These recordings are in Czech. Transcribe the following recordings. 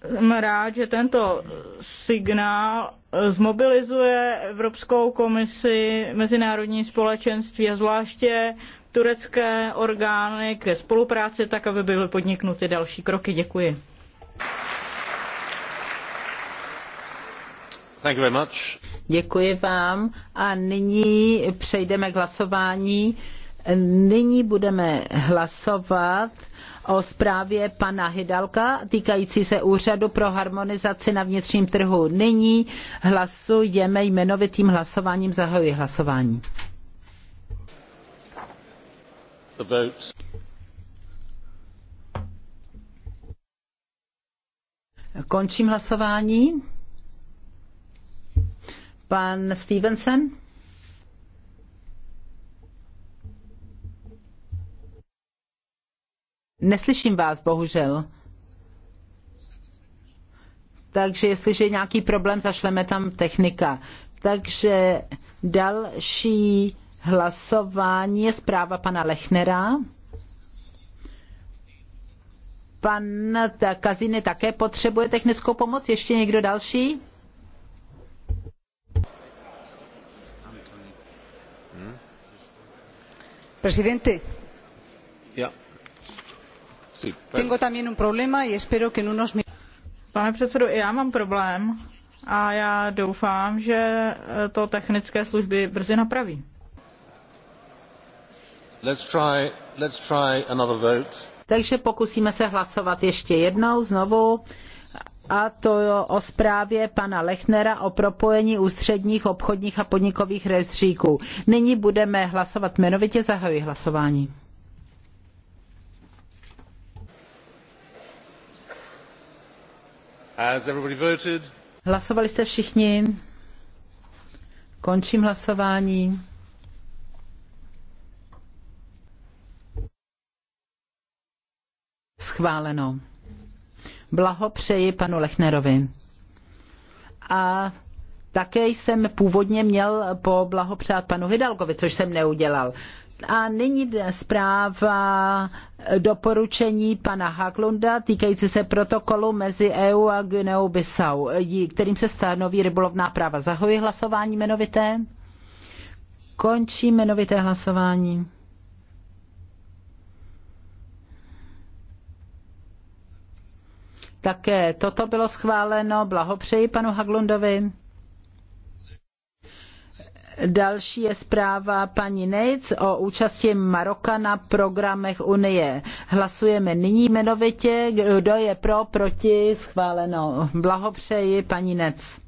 jsem rád, že tento signál zmobilizuje Evropskou komisi, mezinárodní společenství a zvláště turecké orgány ke spolupráci, tak aby byly podniknuty další kroky. Děkuji. Thank you very much. Děkuji vám a nyní přejdeme k hlasování. Nyní budeme hlasovat o zprávě pana Hidalka týkající se Úřadu pro harmonizaci na vnitřním trhu. Nyní hlasujeme jmenovitým hlasováním. Zahajuji hlasování. Končím hlasování. Pan Stevenson? Neslyším vás, bohužel. Takže jestliže je nějaký problém, zašleme tam technika. Takže další hlasování je zpráva pana Lechnera. Pan Kazine také potřebuje technickou pomoc. Ještě někdo další? Presidente. Ja. Tengo también un problema y espero que en unos Pane předsedo, i já mám problém a já doufám, že eh, to technické služby brzy napraví. Takže pokusíme se hlasovat ještě jednou znovu a to o zprávě pana Lechnera o propojení ústředních obchodních a podnikových rejstříků. Nyní budeme hlasovat jmenovitě, zahajuji hlasování. Hlasovali jste všichni? Končím hlasování. Schváleno. Blahopřeji panu Lechnerovi. A také jsem původně měl poblahopřát panu Hidalgovi, což jsem neudělal a nyní zpráva doporučení pana Haglunda týkající se protokolu mezi EU a Guineou Bissau, kterým se stanoví rybolovná práva. Zahoji hlasování jmenovité. Končí jmenovité hlasování. Také toto bylo schváleno. Blahopřeji panu Haglundovi. Další je zpráva paní Nejc o účasti Maroka na programech Unie. Hlasujeme nyní jmenovitě. Kdo je pro, proti, schváleno. Blahopřeji paní Nec.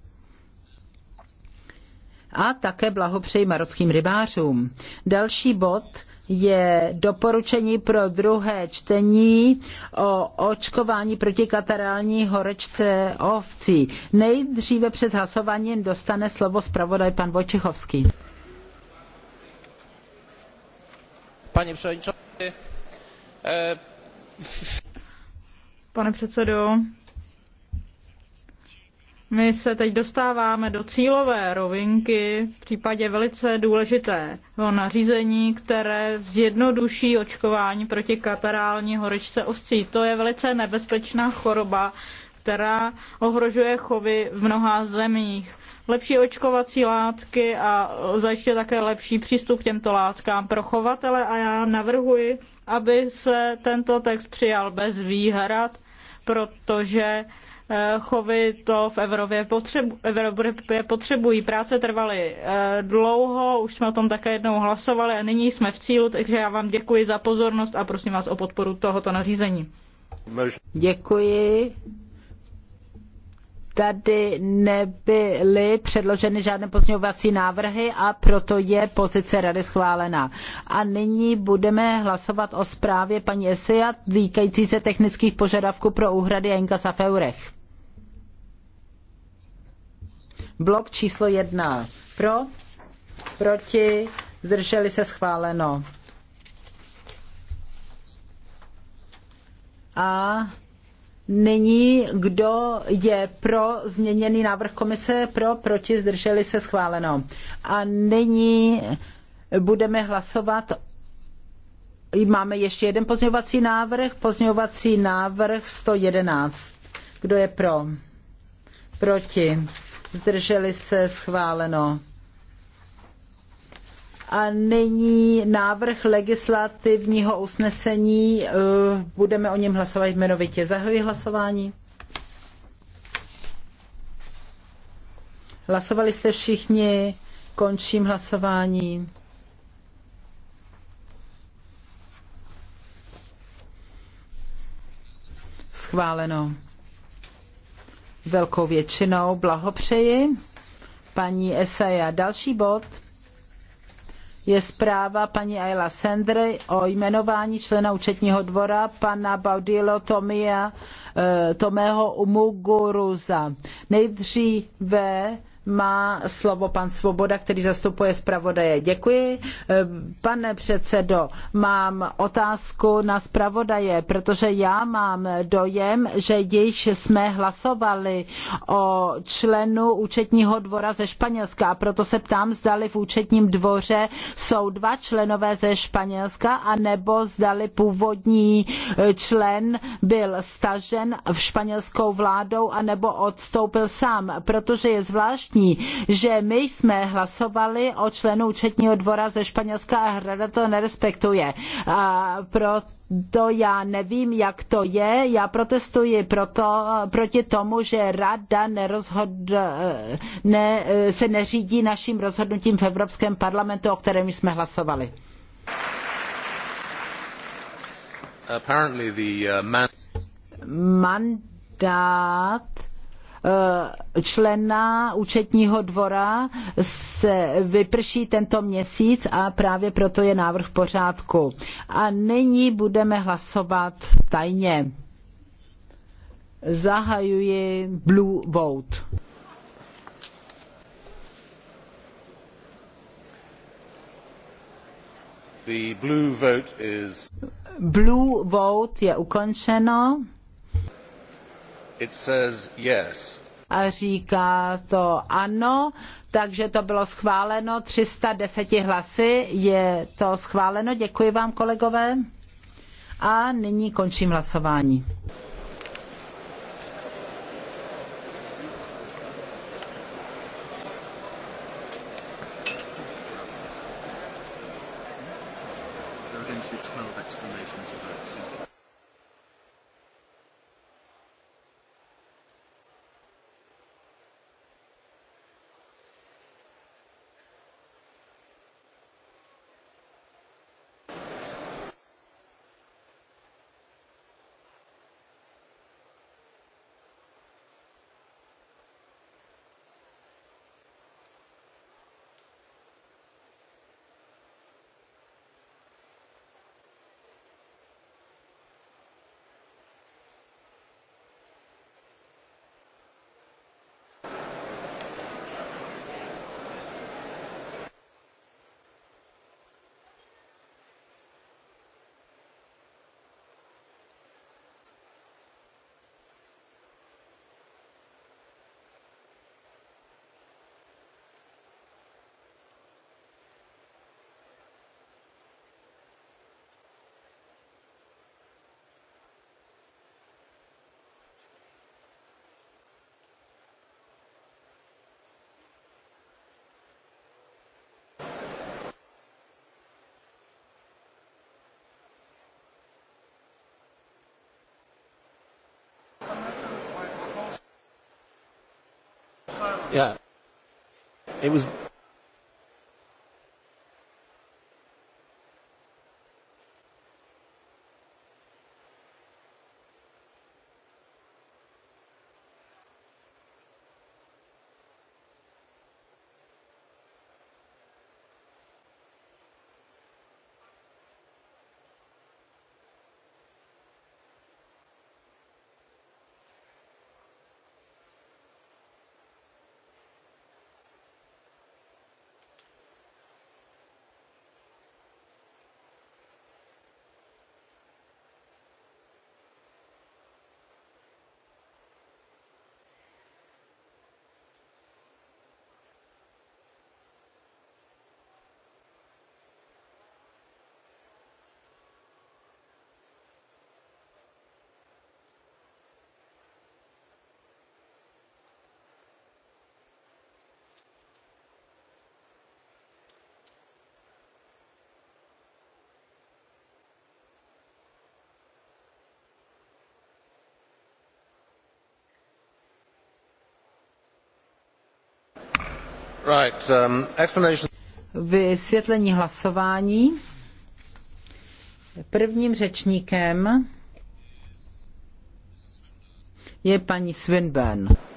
A také blahopřeji marockým rybářům. Další bod je doporučení pro druhé čtení o očkování proti katarální horečce ovcí. Nejdříve před hlasováním dostane slovo zpravodaj pan Vojčichovský. Pane předsedající, Pane předsedo, eh, my se teď dostáváme do cílové rovinky v případě velice důležitého nařízení, které zjednoduší očkování proti katarální horečce ovcí. To je velice nebezpečná choroba, která ohrožuje chovy v mnoha zemích. Lepší očkovací látky a zajišťuje také lepší přístup k těmto látkám pro chovatele a já navrhuji, aby se tento text přijal bez výhrad, protože chovy to v Evropě, potřebu, Evropě potřebují. Práce trvaly eh, dlouho, už jsme o tom také jednou hlasovali a nyní jsme v cílu, takže já vám děkuji za pozornost a prosím vás o podporu tohoto nařízení. Děkuji. Tady nebyly předloženy žádné pozměňovací návrhy a proto je pozice rady schválena. A nyní budeme hlasovat o zprávě paní Esia týkající se technických požadavků pro úhrady a inkas v eurech. Blok číslo jedna. Pro, proti, zdrželi se schváleno. A nyní, kdo je pro změněný návrh komise, pro, proti, zdrželi se schváleno. A nyní budeme hlasovat Máme ještě jeden pozměňovací návrh, pozměňovací návrh 111. Kdo je pro? Proti? zdrželi se schváleno. A nyní návrh legislativního usnesení, eh, budeme o něm hlasovat jmenovitě. Zahajuji hlasování. Hlasovali jste všichni, končím hlasování. Schváleno velkou většinou. Blahopřeji. Paní Esaja, další bod je zpráva paní Ayla Sender o jmenování člena účetního dvora pana Baudilo Tomia, eh, Tomého Umuguruza. Nejdříve má slovo pan Svoboda, který zastupuje zpravodaje. Děkuji. Pane předsedo, mám otázku na zpravodaje, protože já mám dojem, že již jsme hlasovali o členu účetního dvora ze Španělska a proto se ptám, zdali v účetním dvoře jsou dva členové ze Španělska, anebo zdali původní člen byl stažen španělskou vládou, anebo odstoupil sám, protože je zvláštní, evidentní, že my jsme hlasovali o členu účetního dvora ze Španělska a hrada to nerespektuje. A proto to já nevím, jak to je. Já protestuji proto, proti tomu, že rada nerozhod, ne, se neřídí naším rozhodnutím v Evropském parlamentu, o kterém jsme hlasovali. Uh, Mandát Eh, člena účetního dvora se vyprší tento měsíc a právě proto je návrh v pořádku. A nyní budeme hlasovat tajně. Zahajuji Blue Vote. The blue vote is... Blue vote je ukončeno. It says yes. A říká to ano, takže to bylo schváleno 310 hlasy, je to schváleno, děkuji vám kolegové. A nyní končím hlasování. Yeah. It was Um, Vysvětlení hlasování. Prvním řečníkem je paní Swinburne.